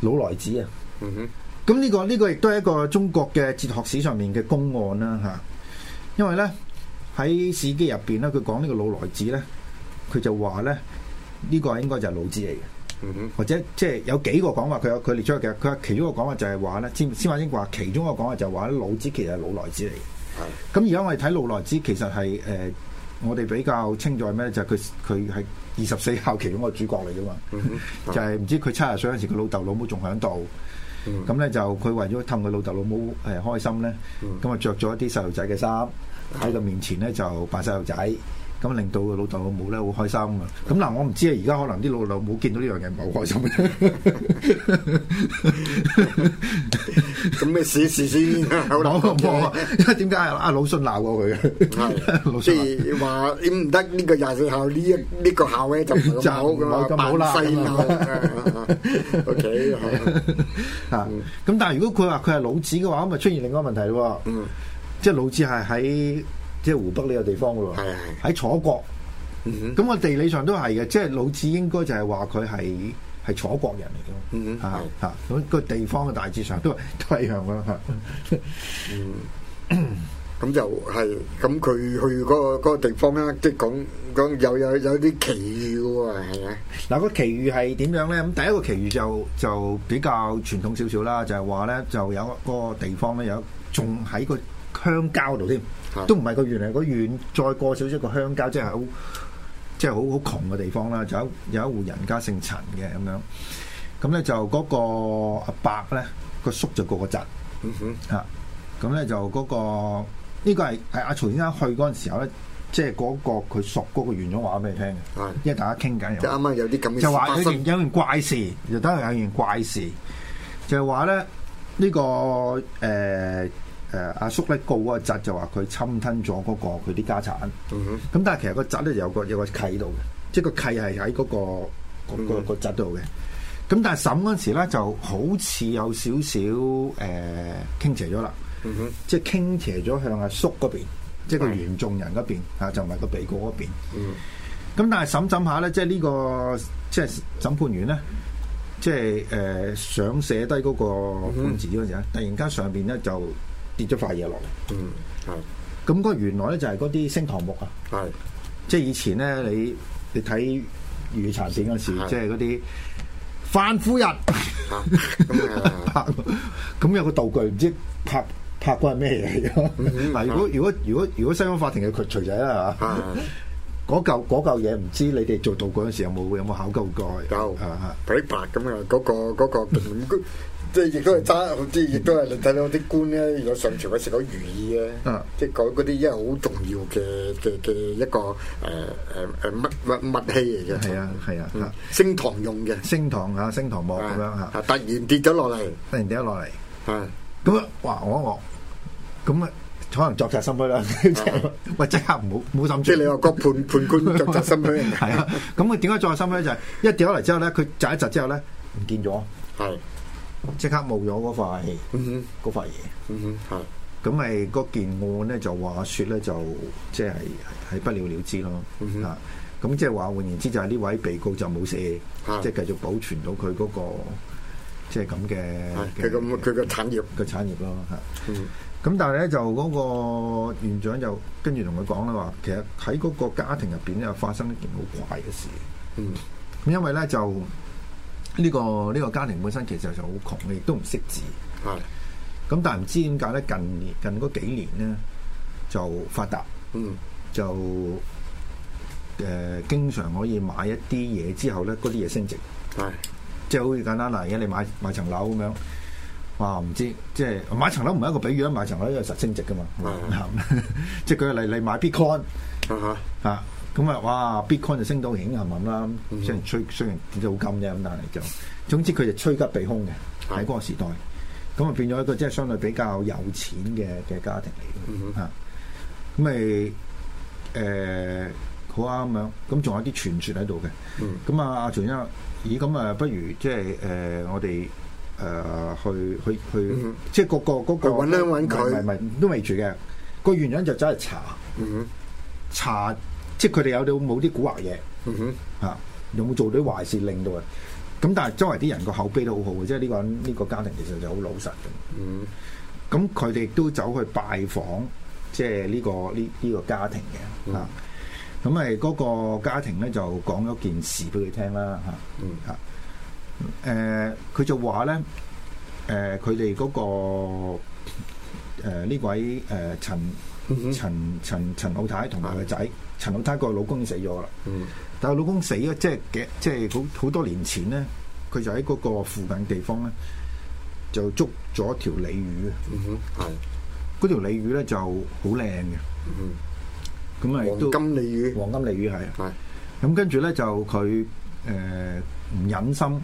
老萊子啊，嗯哼、這個，咁、這、呢個呢個亦都係一個中國嘅哲學史上面嘅公案啦，吓、啊，因為咧喺史記入邊咧，佢講呢個老萊子咧，佢就話咧呢、這個應該就係老子嚟嘅，嗯哼，或者即係、就是、有幾個講法。佢有佢列出嘅，佢其中一個講法就係話咧，先司馬遷話，英其中一個講法就係話老子其實老萊子、嗯、老萊子嚟，係，咁而家我哋睇老萊子其實係誒。呃我哋比較稱在咩，就係佢，佢係二十四孝其中個主角嚟啫嘛，就係唔知佢七十歲嗰陣時，佢老豆老母仲喺度，咁咧就佢為咗氹佢老豆老母誒開心咧，咁啊，着咗一啲細路仔嘅衫喺佢面前咧就扮細路仔。咁令到個老豆老母咧好開心啊！咁嗱，我唔知啊，而家可能啲老豆老母見到呢樣嘢唔係好開心。咁你試試先鬧個，因為點解阿阿魯迅鬧過佢嘅？魯迅話：唔得呢個廿四孝呢一呢個校嘅，就唔好咁好啦。OK，吓咁，但係如果佢話佢係老子嘅話，咁咪出現另一個問題咯。嗯，即係老子係喺。即係湖北呢個地方咯，喺是楚國，咁、嗯哼嗯、個地理上都係嘅。即、就、係、是、老子應該就係話佢係係楚國人嚟咯，吓吓咁個地方嘅大致上都係都係一樣噶啦。 嗯，咁就係咁佢去嗰、那個、那個地方咧，即係講講有有有啲奇遇嘅係咪？嗱個奇遇係點樣咧？咁第一個奇遇就就比較傳統少少啦，就係話咧就有嗰、那個地方咧有仲喺個鄉郊度添。S 2多都唔係個原嚟個縣，再過少少個鄉郊，即係好，即係好好窮嘅地方啦。就有一戶人家姓陳嘅咁樣，咁咧就嗰個阿伯咧個叔、叔就過個侄，嚇、嗯哼。咁咧、啊、就嗰、那個呢、這個係係阿曹先生去嗰陣時候咧，即係嗰個佢熟嗰個原種話俾你聽嘅，嗯、因為大家傾緊又啱啱有啲咁，就話有件有件怪事，就等係有件怪事，就係話咧呢、這個誒。呃誒阿、啊、叔咧告阿侄就話佢侵吞咗嗰個佢啲家產，咁、嗯、哼但係其實個侄咧有個有個契度嘅，即係個契係喺嗰個、嗯、哼個個,個侄度嘅。咁但係審嗰陣時咧，就好似有少少誒傾斜咗啦，即係傾斜咗向阿叔嗰邊，嗯、哼即係個原眾人嗰邊啊，就唔係個被告嗰邊。咁、嗯、哼但係審審下咧，即係呢、這個即係審判員咧，即係誒想寫低嗰個判詞嗰陣時咧，突然間上邊咧就～就跌咗塊嘢落嚟，嗯係，咁嗰原來咧就係嗰啲星堂木啊，係，即係以前咧你你睇粵語殘片嗰時，即係嗰啲犯夫人，咁拍，咁有個道具唔知拍拍嗰係咩嘢嚟？嗱、 嗯嗯， 如果如果如果如果西方法庭嘅錘錘仔啦吓，嗰嚿嘢唔知你哋做道具嗰陣時有冇有冇考究過？考啊有，睇白咁啊，嗰個、 嗰個。即係亦都係揸，好之亦都係睇到啲官咧，如果上朝嘅時候，如意嘅，即係講嗰啲一係好重要嘅嘅嘅一個誒誒誒物物物器嚟嘅。係啊係啊，升堂用嘅。升堂啊，升堂木咁樣吓。突然跌咗落嚟，突然跌咗落嚟。咁啊，哇！我我咁啊，可能作賊心虛啦。喂，即刻唔好，冇諗住。即係你話個判判官作賊心虛。係啊，咁佢點解作賊心虛咧？就係一跌落嚟之後咧，佢窒一窒之後咧，唔見咗。係。即刻冇咗嗰塊，嗰、嗯、哼塊嘢，咁咪嗰件案咧就話説咧就即係係不了了之咯，啊咁即係話換言之就係呢位被告就冇事，即係、嗯、哼繼續保存到佢嗰、那個即係咁嘅佢咁佢嘅產業，嘅產業咯，係，咁、嗯、哼但係咧就嗰個院長就跟住同佢講咧話，其實喺嗰個家庭入邊咧又發生一件好怪嘅事，嗯，因為咧就。就呢個呢個家庭本身其實就好窮，亦都唔識字。係的。咁但係唔知點解咧？近年近嗰幾年咧就發達，嗯，就誒、呃、經常可以買一啲嘢之後咧，嗰啲嘢升值。係的。即係好似簡單嗱，如果你買買層樓咁樣，哇唔知即係買層樓唔係一個比喻啊，買層樓因為實升值㗎嘛。啊的。即係佢嚟嚟買 Bitcoin。咁啊，哇！Bitcoin 就升到影銀銀啦，雖然吹雖然造金啫，咁但係就總之佢就趨吉避凶嘅喺嗰個時代，咁啊變咗一個即係、就是、相對比較有錢嘅嘅家庭嚟嘅嚇，咁咪誒好啱咁樣，咁、嗯、仲有啲傳説喺度嘅，咁、嗯嗯、啊阿徐生，咦咁啊不如即係誒我哋誒去去去，去去嗯、哼即係、那個、那個嗰個揾一揾佢是，唔係唔係都，住都未住嘅，個原因就走去查，查。嗯即係佢哋有到冇啲古惑嘢，嚇、嗯哼啊、有冇做到啲壞事令到啊？咁但係周圍啲人個口碑都好好嘅，即係呢個呢、這個家庭其實就好老實。咁佢哋都走去拜訪，即係呢、這個呢呢、這個家庭嘅嚇。咁咪嗰個家庭咧就講咗件事俾佢聽啦嚇。嗯、啊，嚇、啊。佢、呃、就話咧，誒、呃，佢哋嗰個呢、呃、位誒、呃、陳。陳陳陳老太同埋個仔，陳的老太個老公死咗啦。嗯，但係老公死咗，即係嘅，即係好好多年前咧，佢就喺嗰個附近地方咧，就捉咗條鯉魚。嗯哼的，係。嗰條鯉魚咧就好靚嘅。嗯，咁係都。黃金鯉魚，黃金鯉魚係。係。咁的跟住咧就佢誒唔忍心。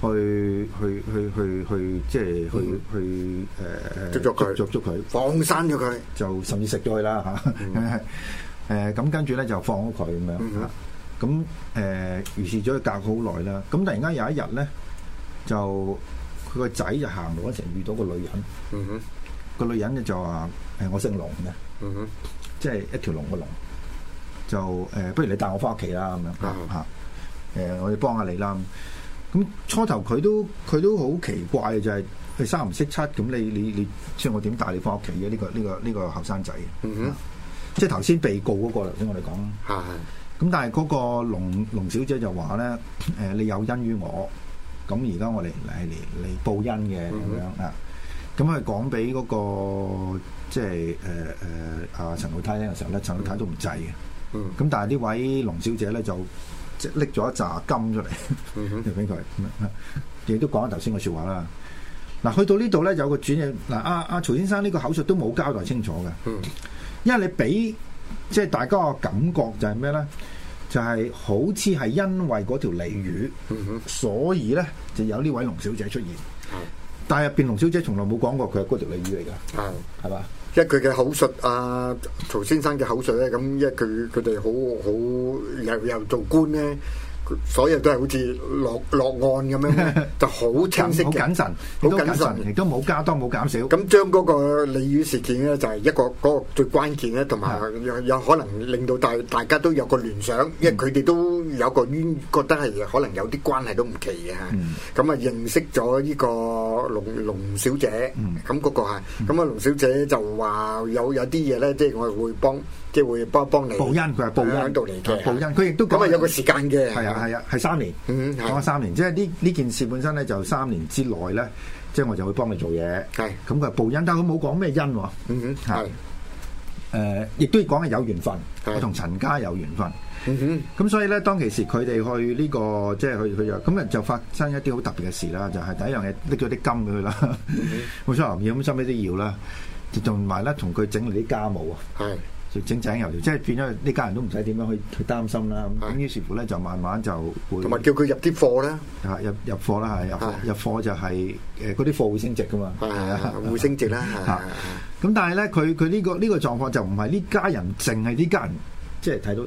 去去去去去，即係去、mm hmm. 去誒誒、呃、捉捉佢了，放生咗佢，就甚至食咗佢啦嚇。誒咁、mm hmm. 呃、跟住咧就放咗佢咁樣咁誒預示咗佢隔好耐啦。咁、呃、突然間有一日咧，就佢個仔就行路嗰陣遇到個女人。哼、mm，個、hmm. 女人咧就話：誒、呃、我姓龍嘅，哼、mm，hmm. 即係一條龍嘅龍。就誒、呃，不如你帶我返屋企啦咁樣嚇。誒、mm，我哋幫下你啦。Mm mm 咁初頭佢都佢都好奇怪嘅，就係佢三唔識七。咁你你你將我點帶你翻屋企嘅呢個呢、呢個呢、呢個後生仔？哼、mm hmm. 啊，即係頭先被告嗰、嗰個先，我哋講。咁但係嗰個龍、龍小姐就話咧誒，你有恩於我，咁而家我哋嚟嚟報恩嘅咁樣啊。咁佢講俾嗰、嗰個即係誒誒啊陳老太聽嘅時候咧，陳老太都唔制嘅。咁、mm hmm. 但係呢位龍小姐咧就～即拎咗一紮金出嚟，俾佢、mm。亦、hmm. 都講咗頭先個説話啦。嗱，去到呢度咧，有個轉嘅。嗱、啊，阿阿曹先生呢個口述都冇交代清楚嘅。Mm hmm. 因為你俾即係大家個感覺就係咩咧？就係、是、好似係因為嗰條鯉魚，mm hmm. 所以咧就有呢位龍小姐出現。Mm hmm. 但係入邊龍小姐從來冇講過佢係嗰條鯉魚嚟㗎，係嘛、mm？Hmm. 一佢嘅口述啊，曹先生嘅口述咧，咁一佢佢哋好好又又做官咧。所有都係好似落落案咁樣，就好清晰謹慎，好謹慎，亦都冇加多冇減少。咁將嗰個鯉魚事件呢，就係一個嗰個最關鍵咧，同埋有可能令到大大家都有個聯想，因為佢哋都有個冤，覺得係可能有啲關係都唔奇嘅吓。咁啊，認識咗呢個龍龍小姐，咁嗰個係咁啊，龍小姐就話有有啲嘢咧，即係我會幫，即係會幫幫你。報恩，佢係報恩度嚟嘅，報恩。佢亦都咁啊，有個時間嘅。係啊。係啊，係三年，講咗、嗯、哼三年，即係呢呢件事本身咧就三年之內咧，即係我就會幫你做嘢。係咁嘅報恩，但係佢冇講咩恩。嗯係誒、呃，亦都要講係有緣分。是我同陳家有緣分。咁、嗯、哼所以咧，當其時佢哋去呢、這個即係去去咗，咁咧就，就發生一啲好特別嘅事啦，就係、是、第一樣嘢拎咗啲金畀佢啦。冇錯，要咁收尾都要啦，同埋咧同佢整理啲家務啊。係。就整整油條，即係變咗呢家人都唔使點樣去去擔心啦。咁於是乎咧，就慢慢就會同埋叫佢入啲貨咧，啊入入貨啦，係入入貨就係誒嗰啲貨會升值噶嘛，會升值啦。咁但係咧，佢佢呢個呢個狀況就唔係呢家人，淨係呢家人即係睇到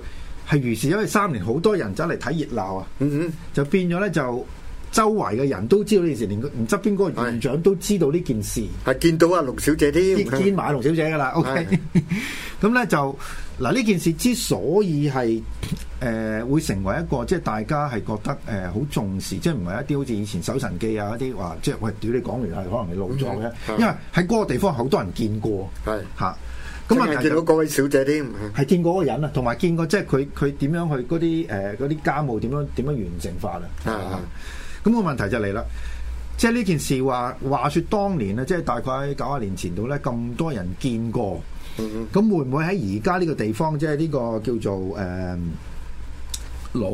係如是，因為三年好多人走嚟睇熱鬧啊。嗯嗯，就變咗咧就。周圍嘅人都知道呢件事，連唔執邊個園長都知道呢件事，係見到阿陸小姐添，見埋陸小姐㗎喇。OK，咁咧就嗱呢件事之所以係誒會成為一個即係大家係覺得誒好重視，即係唔係一啲好似以前搜神記啊一啲話，即係喂屌你講完係可能你老咗嘅，因為喺嗰個地方好多人見過，係嚇咁啊見到嗰位小姐添，係見過嗰個人啊，同埋見過即係佢佢點樣去嗰啲誒啲家務點樣點樣完成法。啊～咁個問題就嚟啦，即係呢件事說話話説當年咧，即、就、係、是、大概九十年前度咧，咁多人見過。咁、嗯嗯、會唔會喺而家呢個地方，即係呢個叫做誒、嗯、老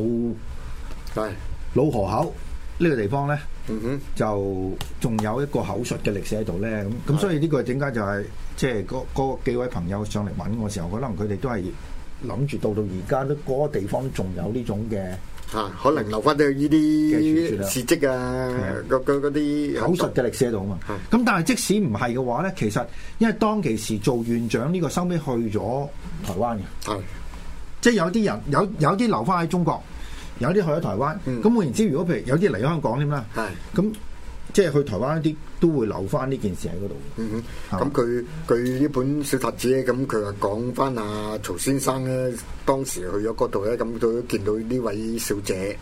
係老河口呢、這個地方咧？嗯哼、嗯，就仲有一個口述嘅歷史喺度咧。咁咁所以呢個點解就係即係嗰嗰幾位朋友上嚟揾我時候，可能佢哋都係諗住到到而家都嗰個地方仲有呢種嘅。啊，可能留翻咗呢啲事跡啊，嗰啲口述嘅歷史喺度啊嘛。咁的但係即使唔係嘅話咧，其實因為當其時做院長呢個收尾去咗台灣嘅，係的，即係有啲人有有啲留翻喺中國，有啲去咗台灣，咁換言之，如果譬如有啲嚟香港添啦，係的，咁。即係去台灣啲都會留翻呢件事喺嗰度。嗯嗯哼，咁佢佢呢本小冊子咧，咁佢又講翻阿曹先生咧，當時去咗嗰度咧，咁佢都見到呢位小姐。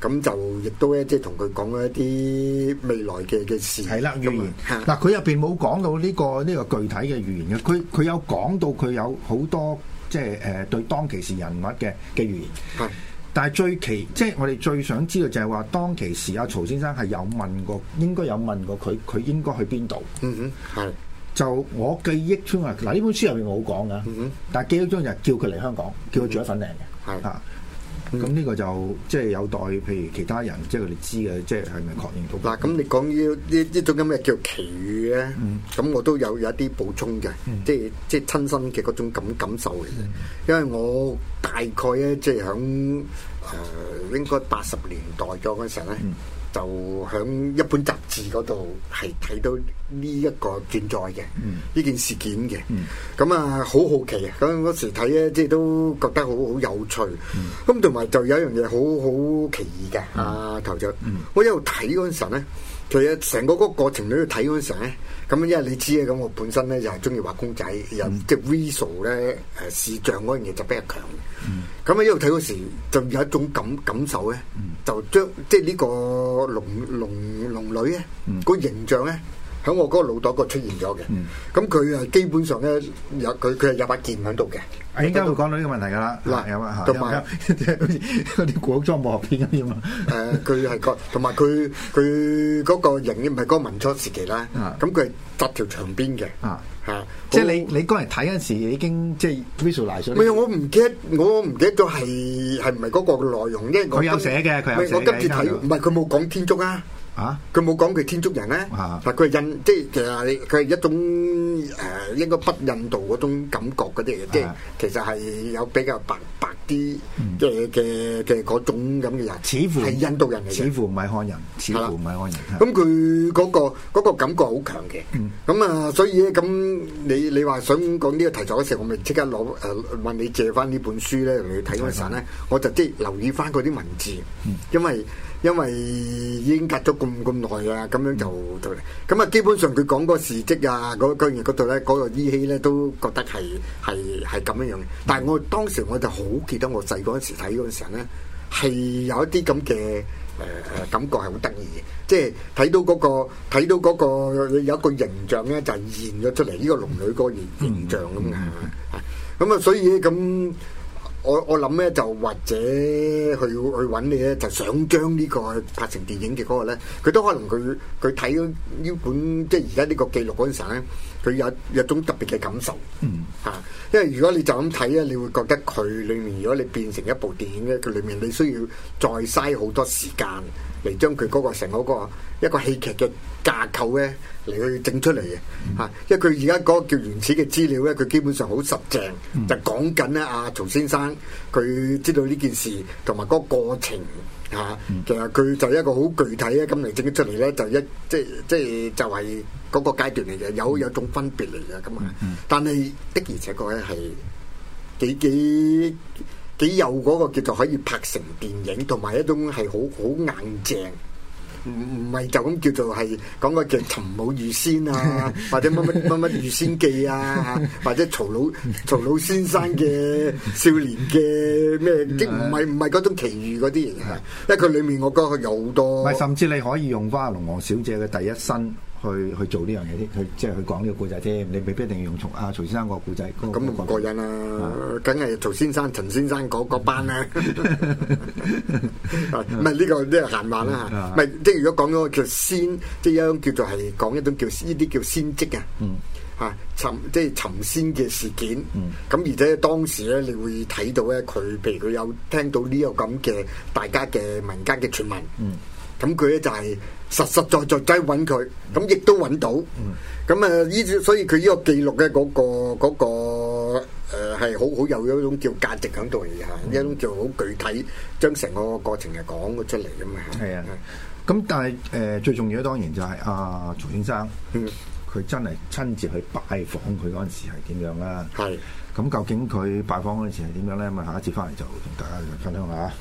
咁、嗯、就亦都咧，即係同佢講一啲未來嘅嘅事。係啦，預言。嗱樣，佢入邊冇講到呢、呢個呢、呢個具體嘅預言嘅。佢佢有講到佢有好多即係誒對當其時人物嘅嘅預言。係。但係最奇，即係我哋最想知道就係話，當其時阿曹先生係有問過，應該有問過佢，佢應該去邊度？嗯哼，係。就我記憶中啊，嗱呢本書入邊冇講噶。嗯哼，但記憶中就係叫佢嚟香港，叫佢做一份靚嘅。係啊、嗯。咁呢個就即係、即係、有待，譬如其他人即係佢哋知嘅，即係係咪確認到？嗱、嗯，咁你講呢呢呢種咁嘅叫奇遇咧，咁、嗯、我都有有一啲補充嘅、嗯，即係即係親身嘅嗰種感感受嚟嘅，因為我大概咧即係響誒應該八十年代咗嗰陣時咧。嗯。就喺一本雜誌嗰度係睇到呢一個轉載嘅，呢、嗯、件事件嘅。咁、嗯、啊，好好奇啊！嗰陣時睇咧，即係都覺得好好有趣。咁同埋就有一樣嘢好好奇異嘅，阿、啊、頭上。嗯、我一路睇嗰陣時咧。所以成個嗰過程你都睇嗰陣時咧，咁因為你知咧，咁我本身咧就係中意畫公仔，嗯、又即係 visual 咧誒視像嗰樣嘢就比較強嘅。咁啊、嗯，喺度睇嗰時就有一種感感受咧，就將即係呢個龍龍龍女咧、嗯、個形象咧。喺我嗰個腦袋嗰出現咗嘅，咁佢啊基本上咧有佢佢係有把劍喺度嘅。哎，而家都講到呢個問題噶啦，嗱，同埋嗰啲古裝武俠片咁樣。誒，佢係個同埋佢佢嗰個仍然唔係嗰個民初時期啦。咁佢係搭條長辮嘅。吓，即係你你剛嚟睇嗰時已經即係 visualize 咗。唔係，我唔記得，我唔記得咗係係唔係嗰個嘅內容咧。佢有寫嘅，佢有寫嘅。我今次睇唔係，佢冇講天竺啊。啊！佢冇講佢天竺人咧，但佢係印，即係其實佢係一種誒，應該北印度嗰種感覺嗰啲嘢，即係其實係有比較白白啲嘅嘅嘅嗰種咁嘅人，似乎係印度人嚟嘅，似乎唔係漢人，似乎唔係漢人。咁佢嗰個個感覺好強嘅。咁啊，所以咧，咁你你話想講呢個題材嘅時候，我咪即刻攞誒問你借翻呢本書咧，你睇嗰陣咧，我就即係留意翻嗰啲文字，因為。因為已經隔咗咁咁耐啦，咁樣就到嚟。咁啊、嗯，基本上佢講個事蹟啊，嗰嗰嗰度咧，嗰個依稀咧，都覺得係係係咁樣樣。但係我當時我就好記得我細個嗰時睇嗰陣時咧，係有一啲咁嘅誒誒感覺係好得意嘅。即係睇到嗰、嗰個睇到嗰個有一個形象咧，就係、係、現咗出嚟呢、呢個龍女個形象咁嘅。咁啊、嗯，所以咁。我我諗咧就或者去去揾你咧，就想將呢個拍成電影嘅嗰個咧，佢都可能佢佢睇咗呢本即係而家呢個記錄錄嗰陣時咧。佢有有種特別嘅感受，嚇、嗯，因為如果你就咁睇咧，你會覺得佢裏面如果你變成一部電影咧，佢裏面你需要再嘥好多時間嚟將佢嗰個成嗰個，個一個戲劇嘅架構咧嚟去整出嚟嘅嚇，嗯、因為佢而家嗰個叫原始嘅資料咧，佢基本上好實淨，嗯、就講緊咧阿曹先生佢知道呢件事同埋嗰個過程。嚇，其實就係佢就一個好具體嘅咁嚟整出嚟咧，就一即係即係就係嗰個階段嚟嘅，有有種分別嚟嘅咁啊。但係的而且確咧係幾幾幾有嗰個叫做可以拍成電影，同埋一種係好好硬淨。唔唔係就咁叫做係講個劇《尋武遇仙》啊， 或者乜乜乜乜《遇仙記》啊， 或者曹老曹老先生嘅少年嘅咩，即唔係唔係嗰種奇遇嗰啲嘢啊， 因為佢裏面我覺得佢有好多，甚至你可以用翻《龍王小姐》嘅第一身。去去做呢樣嘢先，去即係去講呢個故仔啫。你未必一定要用從阿曹先生個故仔。咁唔過癮啦，梗係曹先生、陳先生嗰嗰班啦、啊。唔係呢個都係閒話啦嚇。唔、啊啊啊、即係如果講到叫仙，即係一種叫做係講一種叫呢啲叫仙跡、嗯、啊。嗯。嚇尋即係尋仙嘅事件。咁、嗯、而且當時咧，你會睇到咧，佢譬如佢有聽到呢個咁嘅大家嘅民間嘅傳聞。嗯。嗯。咁佢咧就係實實在在仔揾佢，咁亦都揾到。咁啊、嗯，依所以佢呢個記錄嘅嗰個嗰、那個誒，係好好有一種叫價值喺度嘅吓，嗯、一種叫好具體，將成個過程又講咗出嚟噶嘛。係、嗯、啊，咁但係誒、呃，最重要當然就係、是、阿、啊、曹先生，佢、嗯、真係親自去拜訪佢嗰陣時係點樣啦。係是，咁究竟佢拜訪嗰陣時係點樣咧？咁啊，下一次翻嚟就同大家分享下。